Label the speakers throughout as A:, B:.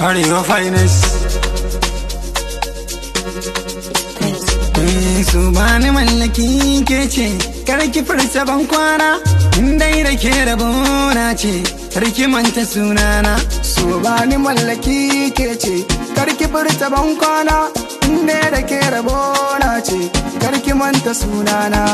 A: Are your finest? Eh, su bani mallaki ke ce, kar ki fursa ban kwana, dai da ke rabona ce, karki manta sunana. Su bani mallaki ke ce, kar ki
B: fursa ban kwana, dai da ke rabona ce, kar ki manta sunana.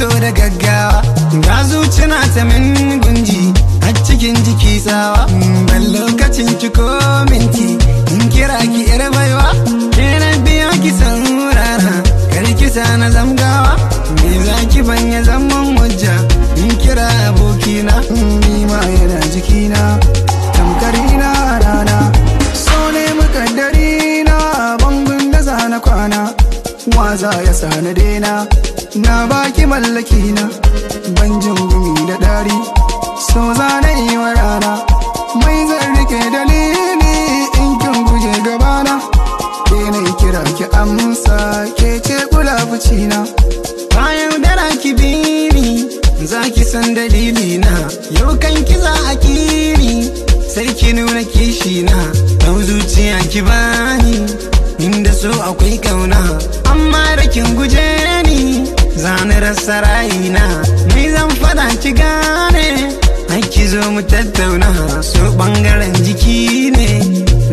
A: fito da gaggawa ga zuciya ta min gunji a cikin jiki tsawa ban lokacin ki ko minti in kira ki yar baiwa kenan biya ki saurara rana kar ki na zamgawa me za ki banya zaman wajja in kira abokina ni ma yana jikina tamkar ina rana so ne
B: mukaddari na bangun da zana kwana waza ya sana daina na baki mallaki na ban gumi da ɗari so za na yi wa rana mai zan rike dalili in kin guje gabana ke na kira ki amsa ke ce kula
A: na bayan dara ki bini za ki san dalili na yau kan ki za a kiri ki nuna kishi na ɗau zuciya ki bani inda so akwai kauna amma rakin guje sarayina na. ni zan fada ki gane naki zo mu tattauna so bangaren jiki ne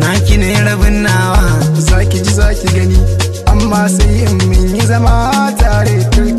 A: naki ne rabin nawa zaki ji zaki gani amma sai in yi zama
B: tare turki